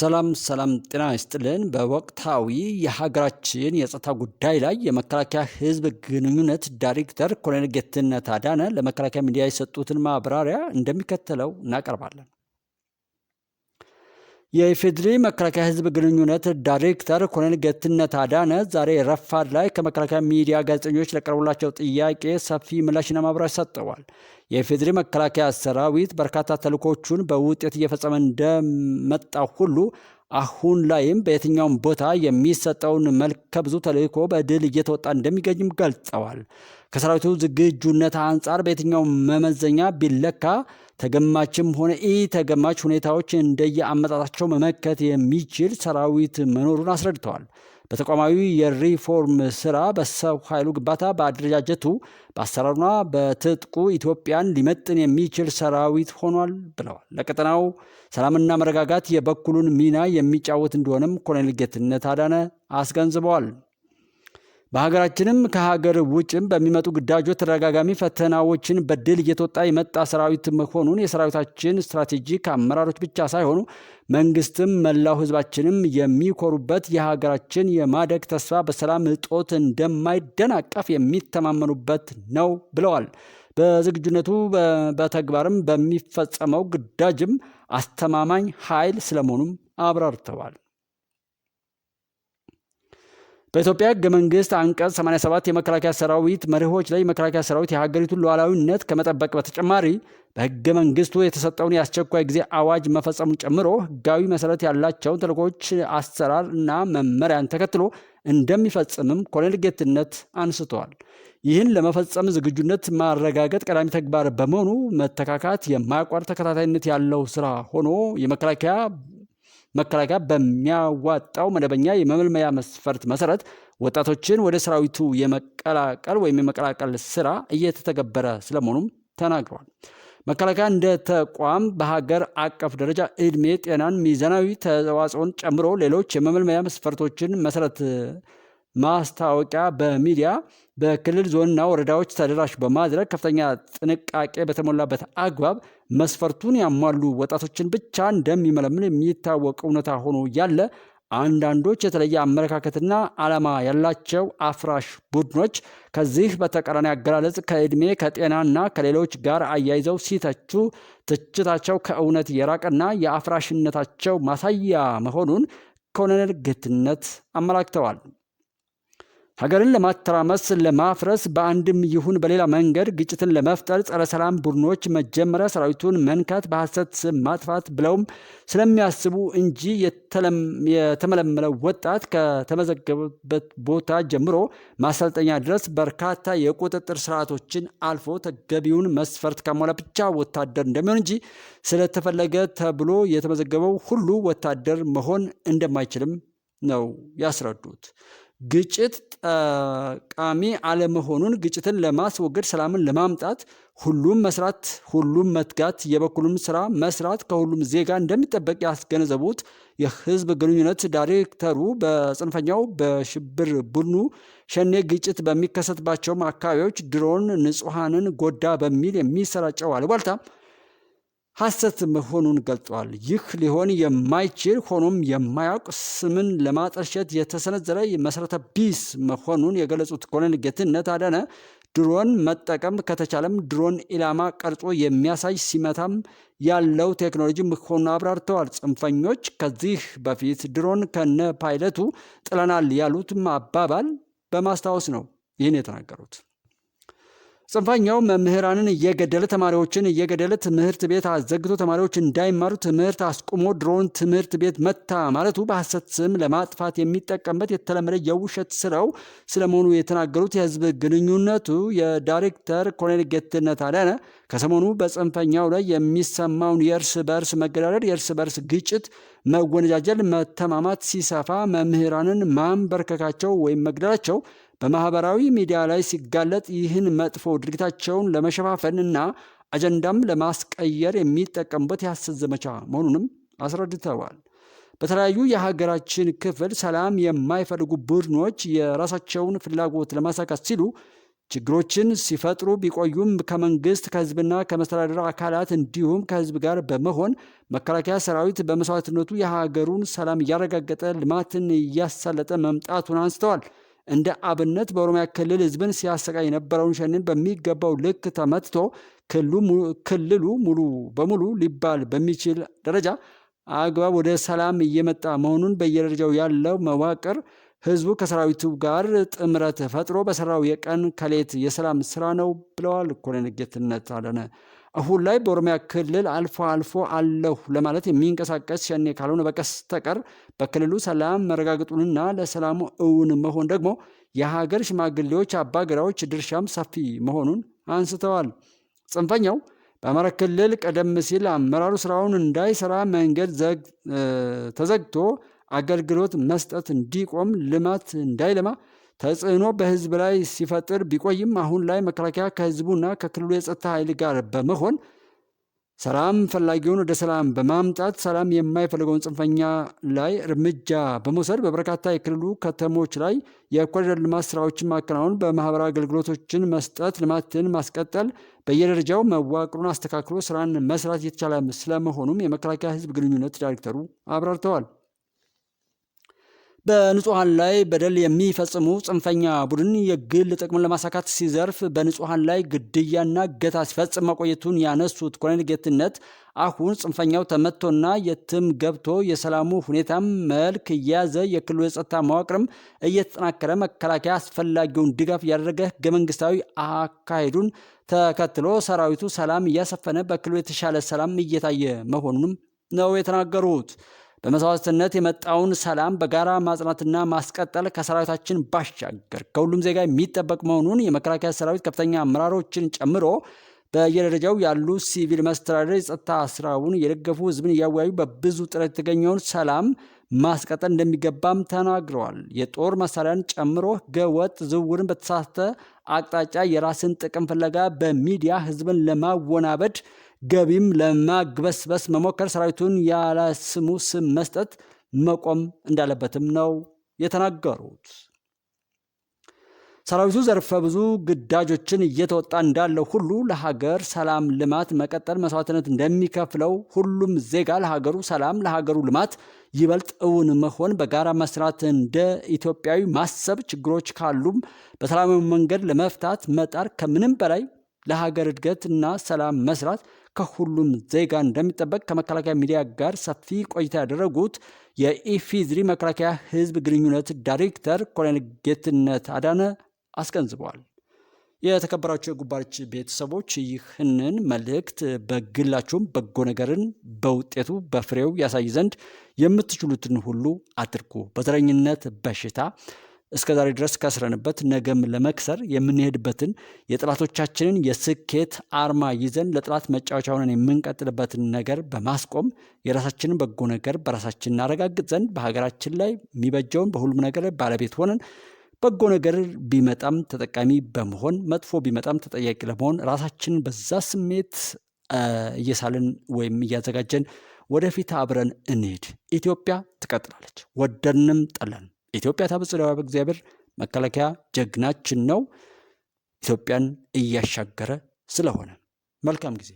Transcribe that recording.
ሰላም ሰላም፣ ጤና ይስጥልን። በወቅታዊ የሀገራችን የጸጥታ ጉዳይ ላይ የመከላከያ ህዝብ ግንኙነት ዳይሬክተር ኮሎኔል ጌትነት አዳነ ለመከላከያ ሚዲያ የሰጡትን ማብራሪያ እንደሚከተለው እናቀርባለን። የኢፌድሪ መከላከያ ህዝብ ግንኙነት ዳይሬክተር ኮሎኔል ገትነት አዳነ ዛሬ ረፋድ ላይ ከመከላከያ ሚዲያ ጋዜጠኞች ለቀረቡላቸው ጥያቄ ሰፊ ምላሽና ማብራሪያ ሰጥተዋል። የኢፌድሪ መከላከያ ሰራዊት በርካታ ተልእኮቹን በውጤት እየፈጸመ እንደመጣ ሁሉ አሁን ላይም በየትኛውም ቦታ የሚሰጠውን መልከ ብዙ ተልእኮ በድል እየተወጣ እንደሚገኝም ገልጸዋል። ከሰራዊቱ ዝግጁነት አንጻር በየትኛው መመዘኛ ቢለካ ተገማችም ሆነ ኢ ተገማች ሁኔታዎች እንደየአመጣጣቸው መመከት የሚችል ሰራዊት መኖሩን አስረድተዋል። በተቋማዊ የሪፎርም ስራ፣ በሰው ኃይሉ ግንባታ፣ በአደረጃጀቱ፣ በአሰራሩና በትጥቁ ኢትዮጵያን ሊመጥን የሚችል ሰራዊት ሆኗል ብለዋል። ለቀጠናው ሰላምና መረጋጋት የበኩሉን ሚና የሚጫወት እንደሆነም ኮሎኔል ጌትነት አዳነ አስገንዝበዋል። በሀገራችንም ከሀገር ውጭም በሚመጡ ግዳጆች ተደጋጋሚ ፈተናዎችን በድል እየተወጣ የመጣ ሰራዊት መሆኑን የሰራዊታችን ስትራቴጂክ አመራሮች ብቻ ሳይሆኑ መንግስትም መላው ህዝባችንም የሚኮሩበት የሀገራችን የማደግ ተስፋ በሰላም እጦት እንደማይደናቀፍ የሚተማመኑበት ነው ብለዋል። በዝግጁነቱ በተግባርም በሚፈጸመው ግዳጅም አስተማማኝ ኃይል ስለመሆኑም አብራርተዋል። በኢትዮጵያ ህገ መንግስት አንቀጽ 87 የመከላከያ ሰራዊት መርሆች ላይ የመከላከያ ሰራዊት የሀገሪቱን ሉዓላዊነት ከመጠበቅ በተጨማሪ በህገ መንግስቱ የተሰጠውን የአስቸኳይ ጊዜ አዋጅ መፈጸሙን ጨምሮ ህጋዊ መሰረት ያላቸውን ተልእኮች አሰራር እና መመሪያን ተከትሎ እንደሚፈጽምም ኮሎኔል ጌትነት አንስተዋል። ይህን ለመፈጸም ዝግጁነት ማረጋገጥ ቀዳሚ ተግባር በመሆኑ መተካካት የማያቋር ተከታታይነት ያለው ስራ ሆኖ የመከላከያ መከላከያ በሚያዋጣው መደበኛ የመመልመያ መስፈርት መሰረት ወጣቶችን ወደ ሰራዊቱ የመቀላቀል ወይም የመቀላቀል ስራ እየተተገበረ ስለመሆኑም ተናግረዋል። መከላከያ እንደ ተቋም በሀገር አቀፍ ደረጃ እድሜ ጤናን፣ ሚዛናዊ ተዋጽኦን ጨምሮ ሌሎች የመመልመያ መስፈርቶችን መሰረት ማስታወቂያ በሚዲያ በክልል ዞንና ወረዳዎች ተደራሽ በማድረግ ከፍተኛ ጥንቃቄ በተሞላበት አግባብ መስፈርቱን ያሟሉ ወጣቶችን ብቻ እንደሚመለምል የሚታወቅ እውነታ ሆኖ ያለ አንዳንዶች የተለየ አመለካከትና ዓላማ ያላቸው አፍራሽ ቡድኖች ከዚህ በተቃራኒ አገላለጽ ከእድሜ ከጤናና ከሌሎች ጋር አያይዘው ሲተቹ ትችታቸው ከእውነት የራቀና የአፍራሽነታቸው ማሳያ መሆኑን ኮሎኔል ጌትነት አመላክተዋል። ሀገርን ለማተራመስ ለማፍረስ በአንድም ይሁን በሌላ መንገድ ግጭትን ለመፍጠር ጸረ ሰላም ቡድኖች መጀመሪያ ሰራዊቱን መንካት፣ በሐሰት ስም ማጥፋት ብለውም ስለሚያስቡ እንጂ የተመለመለው ወጣት ከተመዘገበበት ቦታ ጀምሮ ማሰልጠኛ ድረስ በርካታ የቁጥጥር ስርዓቶችን አልፎ ተገቢውን መስፈርት ካሟላ ብቻ ወታደር እንደሚሆን እንጂ ስለተፈለገ ተብሎ የተመዘገበው ሁሉ ወታደር መሆን እንደማይችልም ነው ያስረዱት። ግጭት ጠቃሚ አለመሆኑን ግጭትን ለማስወገድ ሰላምን ለማምጣት ሁሉም መስራት፣ ሁሉም መትጋት፣ የበኩሉም ስራ መስራት ከሁሉም ዜጋ እንደሚጠበቅ ያስገነዘቡት የህዝብ ግንኙነት ዳይሬክተሩ በጽንፈኛው በሽብር ቡድኑ ሸኔ ግጭት በሚከሰትባቸውም አካባቢዎች ድሮን ንጹሐንን ጎዳ በሚል የሚሰራጨው አልቧልታ ሐሰት መሆኑን ገልጸዋል። ይህ ሊሆን የማይችል ሆኖም የማያውቅ ስምን ለማጠልሸት የተሰነዘረ መሰረተ ቢስ መሆኑን የገለጹት ኮሎኔል ጌትነት አዳነ ድሮን መጠቀም ከተቻለም ድሮን ኢላማ ቀርጾ የሚያሳይ ሲመታም ያለው ቴክኖሎጂ መሆኑን አብራርተዋል። ጽንፈኞች ከዚህ በፊት ድሮን ከነ ፓይለቱ ጥለናል ያሉት አባባል በማስታወስ ነው ይህን የተናገሩት። ጽንፈኛው መምህራንን እየገደለ ተማሪዎችን እየገደለ ትምህርት ቤት አዘግቶ ተማሪዎች እንዳይማሩ ትምህርት አስቁሞ ድሮን ትምህርት ቤት መታ ማለቱ በሐሰት ስም ለማጥፋት የሚጠቀምበት የተለመደ የውሸት ስራው ስለመሆኑ የተናገሩት የህዝብ ግንኙነቱ የዳይሬክተር ኮሎኔል ጌትነት አዳነ ከሰሞኑ በጽንፈኛው ላይ የሚሰማውን የእርስ በእርስ መገዳደል፣ የእርስ በእርስ ግጭት፣ መወነጃጀል፣ መተማማት ሲሰፋ መምህራንን ማንበርከካቸው ወይም መግደላቸው በማህበራዊ ሚዲያ ላይ ሲጋለጥ ይህን መጥፎ ድርጊታቸውን ለመሸፋፈንና አጀንዳም ለማስቀየር የሚጠቀሙበት የሐሰት ዘመቻ መሆኑንም አስረድተዋል። በተለያዩ የሀገራችን ክፍል ሰላም የማይፈልጉ ቡድኖች የራሳቸውን ፍላጎት ለማሳካት ሲሉ ችግሮችን ሲፈጥሩ ቢቆዩም ከመንግስት ከህዝብና ከመስተዳደር አካላት እንዲሁም ከህዝብ ጋር በመሆን መከላከያ ሰራዊት በመስዋዕትነቱ የሀገሩን ሰላም እያረጋገጠ ልማትን እያሳለጠ መምጣቱን አንስተዋል። እንደ አብነት በኦሮሚያ ክልል ህዝብን ሲያሰቃይ የነበረውን ሸኔን በሚገባው ልክ ተመትቶ ክልሉ ሙሉ በሙሉ ሊባል በሚችል ደረጃ አግባብ ወደ ሰላም እየመጣ መሆኑን በየደረጃው ያለው መዋቅር ህዝቡ ከሰራዊቱ ጋር ጥምረት ፈጥሮ በሰራው የቀን ከሌት የሰላም ስራ ነው ብለዋል ኮሎኔል ጌትነት አዳነ። አሁን ላይ በኦሮሚያ ክልል አልፎ አልፎ አለሁ ለማለት የሚንቀሳቀስ ሸኔ ካልሆነ በቀስተቀር በክልሉ ሰላም መረጋገጡንና ለሰላሙ እውን መሆን ደግሞ የሀገር ሽማግሌዎች፣ አባገራዎች ድርሻም ሰፊ መሆኑን አንስተዋል። ጽንፈኛው በአማራ ክልል ቀደም ሲል አመራሩ ስራውን እንዳይሰራ መንገድ ተዘግቶ አገልግሎት መስጠት እንዲቆም፣ ልማት እንዳይለማ ተጽዕኖ በህዝብ ላይ ሲፈጥር ቢቆይም አሁን ላይ መከላከያ ከህዝቡና ከክልሉ የጸጥታ ኃይል ጋር በመሆን ሰላም ፈላጊውን ወደ ሰላም በማምጣት ሰላም የማይፈልገውን ጽንፈኛ ላይ እርምጃ በመውሰድ በበርካታ የክልሉ ከተሞች ላይ የኮሪደር ልማት ስራዎችን ማከናወን፣ በማህበራዊ አገልግሎቶችን መስጠት፣ ልማትን ማስቀጠል፣ በየደረጃው መዋቅሩን አስተካክሎ ስራን መስራት እየተቻለ ስለመሆኑም የመከላከያ ህዝብ ግንኙነት ዳይሬክተሩ አብራርተዋል። በንጹሐን ላይ በደል የሚፈጽሙ ጽንፈኛ ቡድን የግል ጥቅምን ለማሳካት ሲዘርፍ፣ በንጹሐን ላይ ግድያና እገታ ሲፈጽም መቆየቱን ያነሱት ኮሎኔል ጌትነት አሁን ጽንፈኛው ተመቶና የትም ገብቶ የሰላሙ ሁኔታም መልክ እየያዘ የክልሉ የጸጥታ መዋቅርም እየተጠናከረ መከላከያ አስፈላጊውን ድጋፍ እያደረገ ህገ መንግስታዊ አካሄዱን ተከትሎ ሰራዊቱ ሰላም እያሰፈነ በክልሉ የተሻለ ሰላም እየታየ መሆኑንም ነው የተናገሩት። በመስዋዕትነት የመጣውን ሰላም በጋራ ማጽናትና ማስቀጠል ከሰራዊታችን ባሻገር ከሁሉም ዜጋ የሚጠበቅ መሆኑን የመከላከያ ሰራዊት ከፍተኛ አመራሮችን ጨምሮ በየደረጃው ያሉ ሲቪል መስተዳደር የጸጥታ ስራውን የደገፉ ህዝብን እያወያዩ በብዙ ጥረት የተገኘውን ሰላም ማስቀጠል እንደሚገባም ተናግረዋል። የጦር መሳሪያን ጨምሮ ህገወጥ ዝውውርን በተሳተ አቅጣጫ የራስን ጥቅም ፍለጋ በሚዲያ ህዝብን ለማወናበድ ገቢም ለማግበስበስ መሞከር ሰራዊቱን ያለ ስሙ ስም መስጠት መቆም እንዳለበትም ነው የተናገሩት። ሰራዊቱ ዘርፈ ብዙ ግዳጆችን እየተወጣ እንዳለው ሁሉ ለሀገር ሰላም ልማት መቀጠል መስዋዕትነት እንደሚከፍለው ሁሉም ዜጋ ለሀገሩ ሰላም ለሀገሩ ልማት ይበልጥ እውን መሆን በጋራ መስራት እንደ ኢትዮጵያዊ ማሰብ ችግሮች ካሉም በሰላማዊ መንገድ ለመፍታት መጣር ከምንም በላይ ለሀገር እድገት እና ሰላም መስራት ከሁሉም ዜጋ እንደሚጠበቅ ከመከላከያ ሚዲያ ጋር ሰፊ ቆይታ ያደረጉት የኢፊዝሪ መከላከያ ሕዝብ ግንኙነት ዳይሬክተር ኮሎኔል ጌትነት አዳነ አስገንዝበዋል። የተከበራችሁ የጉባርች ቤተሰቦች ይህንን መልእክት በግላችሁም በጎ ነገርን በውጤቱ በፍሬው ያሳይ ዘንድ የምትችሉትን ሁሉ አድርጉ። በዘረኝነት በሽታ እስከዛሬ ድረስ ከስረንበት ነገም ለመክሰር የምንሄድበትን የጠላቶቻችንን የስኬት አርማ ይዘን ለጠላት መጫወቻ ሆነን የምንቀጥልበትን ነገር በማስቆም የራሳችንን በጎ ነገር በራሳችን እናረጋግጥ ዘንድ በሀገራችን ላይ የሚበጀውን በሁሉም ነገር ባለቤት ሆነን በጎ ነገር ቢመጣም ተጠቃሚ በመሆን መጥፎ ቢመጣም ተጠያቂ ለመሆን ራሳችንን በዛ ስሜት እየሳልን ወይም እያዘጋጀን ወደፊት አብረን እንሄድ። ኢትዮጵያ ትቀጥላለች፣ ወደንም ጠላን። ኢትዮጵያ ታበጽለዋ በእግዚአብሔር መከላከያ ጀግናችን ነው። ኢትዮጵያን እያሻገረ ስለሆነ መልካም ጊዜ